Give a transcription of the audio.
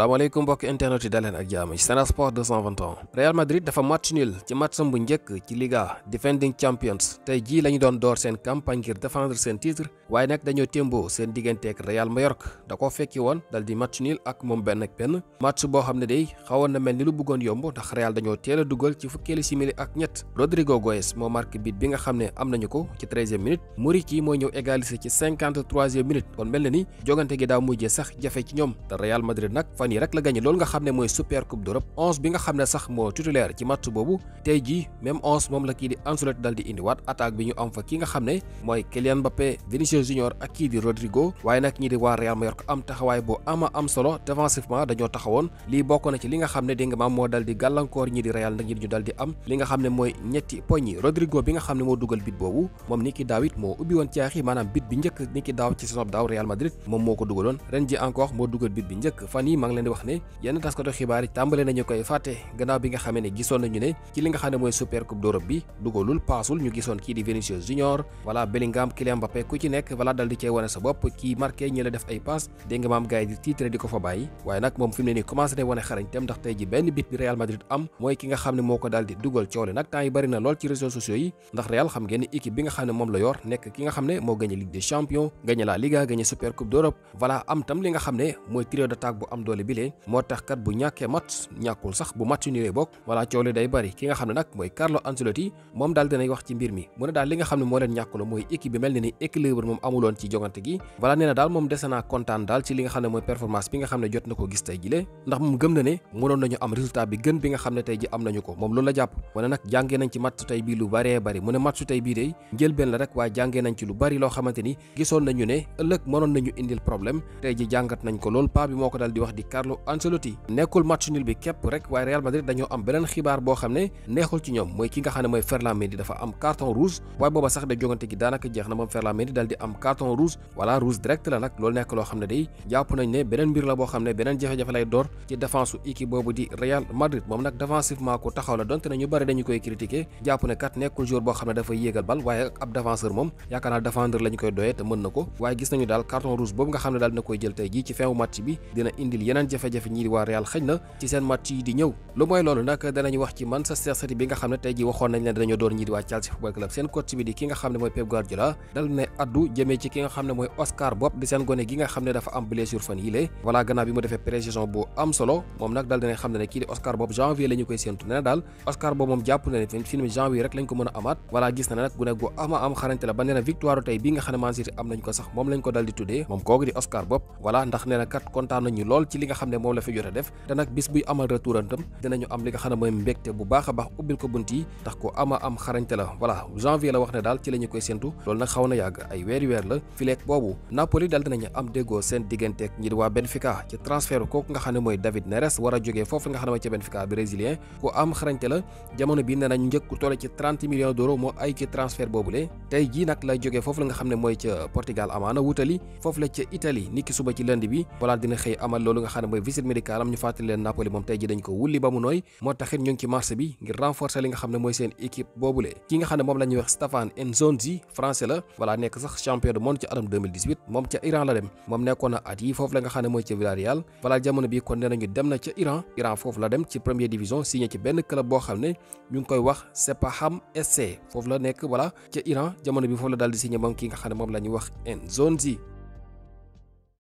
alaykum bokk internet yi dalen ak jamm ci Sport 220. Real Madrid dafa match nul ci match bu ñeek ci Liga defending champions tay ji lañu doon door sen campagne ngir défendre sen titre nak dañu tembo sen digënté ak Real Mallorca da ko fekki won dal di match nul ak mom ben ak ben match bo xamne ne day xawon na melni lu bëggoon yomb ndax Real dañu téla duggal ci fukkeeli simili ak ñet Rodrigo Goes mo marque bit bi nga xamne am nañu ko ci 13e minute Muriqi mo ñew égaliser ci 53e minute kon melni jogante gi daa mujjee sax jafé ci ñom te Real Madrid fa fan yi rek la gagné loolu nga xamné moy super coupe d'Europe 11 bi nga xamné sax mo titulaire ci match bobu tay ji même 11 mom la ki di Ancelotti daldi indi wat attaque bi ñu am fa ki nga xamné moy Kylian Mbappé Vinicius Junior ak ki di Rodrigo waye nak ñi di wa Real Mallorca am taxaway bo ama am solo défensivement dañu taxawon li bokko na ci li nga xamné ne dégg nga maam moo ñi di Real nak ñi di ñu daldi am li nga xamné moy ñetti pogni Rodrigo bi nga xamné mo duggal bit bobu mom niki david mo ubi won ci xi manam bit bi ñëk niki daw ci sonop daw Real Madrid mom moko duggalon ren ji encore mo dugal bit bi ñëk fan yi leen di wax ne yenn taskatu xibaar yi tàmbale nañu koy fàtte gannaaw bi nga xamee ne gisoon nañu ne ci li nga xam ne mooy super coupe d'Europe bi dugalul paasul ñu gisoon kii di Vinicius Junior voilà Bellingham Kylian Mbappé ku ci nekk voilà dal di cey sa bopp kii marqué ñi la def ay passe dégg nga di titre di ko fa bàyyi waaye nag moom fi ne nii commencé na wane xarañteem ndax tey ji benn bit bi Real Madrid am mooy ki nga xam ne moo ko daal di doole bi le moo tax kat bu ñàkkee match ñàkkul sax bu match ñu bokk wala day bari ki nga xam ne nag mooy Carlo Ancelotti mom daal dinay wax ci mbir mi mu ne daal li nga xam ne moo leen ñàkkulo mooy équipe bi mel mom ni équilibre moom amuloon ci jogante gi wala nee na daal moom dese naa kontaan daal ci li nga xam ne mooy performance bi nga xam ne jot na ko gis tey le ndax moom gëm na ne mënoon nañu am résultat bi gën bi nga xam ne tey ji am nañu ko moom loolu la jàpp mu ne nag jàngee nañ ci match tey bi lu baree bari mu ne match tey bi day njëlbeen la rek waaye jàngee nañ ci lu bari loo xamante ni gisoon nañu ne ëllëg mënoon nañu indil problème tey ji jàngat nañ ko loolu pa bi moo dal di wax di Carlo Ancelotti nekkul match nul bi képp rek waaye Real Madrid dañoo am beneen xibaar boo xam ne neexul ci ñoom mooy ki nga xam ne mooy Ferland Mendy dafa am carton rouge waaye booba sax de jongante gi daanaka jeex na moom Ferland Mendy dal di am carton rouge voilà rouge direct la nag loolu nekk xam ne day jàpp nañ ne beneen mbir la boo xam ne beneen jafe-jafe lay door ci défense su boobu di Real Madrid moom nag défensivement ku taxaw la donte yeneen jafe-jafe ñi di waa Real xëj na ci seen match yi di ñëw lu mooy loolu nag danañ wax ci Manchester City bi nga xam ne tey ji waxoon nañ leen dañoo door ñi di waa Chelsea Football Club seen coach bi di ki nga xam ne mooy Pep Guardiola dal ne addu jëmee ci ki nga xam ne mooy Oscar Bob di seen gone gi nga xam ne dafa am blessure fan yile voilà gannaaw bi mu defee précision bu am solo moom nag dal dina xam ne ne kii di Oscar Bob janvier lañu koy séentu nee dal Oscar Bob moom jàpp na ne film janvier rek lañ ko mën a amaat voilà gis na ne nag gune gu ama am xarante la ba nee na victoire tey bi nga xam ne Man City am nañ ko sax moom lañ ko dal di tuddee moom kooku di Oscar Bob voilà ndax nee na kat kontaan nañu lool ci li nga xam ne moom la fi jot a def te nag bis buy amal retourantam dinañu am li nga xam ne mooy mbégte bu baax a baax ubbil ko bunt yi tax ko am xarañte la voilà janvier la wax ne daal ci la koy séntu loolu nag xaw na yàgg ay weeri weer la fileeg boobu Napoli daal dinañu am déggoo seen digganteeg ñi waa Benfica ci transfert kooku nga xam ne mooy David Neres war a jógee foofu nga xam ne ca Benfica brésilien ku am xarañte la jamono bi ne nañ xam ne moom ca Iran la dem moom nekkoon at yi foofu la nga xam ne mooy ca Villarreal voilà jamono bi kon nee nañu dem na ca Iran foofu la dem ci première division signé ci benn club boo xam ne ñu ngi koy wax Sepaham SC foofu la nekk voilà ca Iran jamono bi foofu la daal di moom ki nga xam ne moom la ñuy wax Nzonzi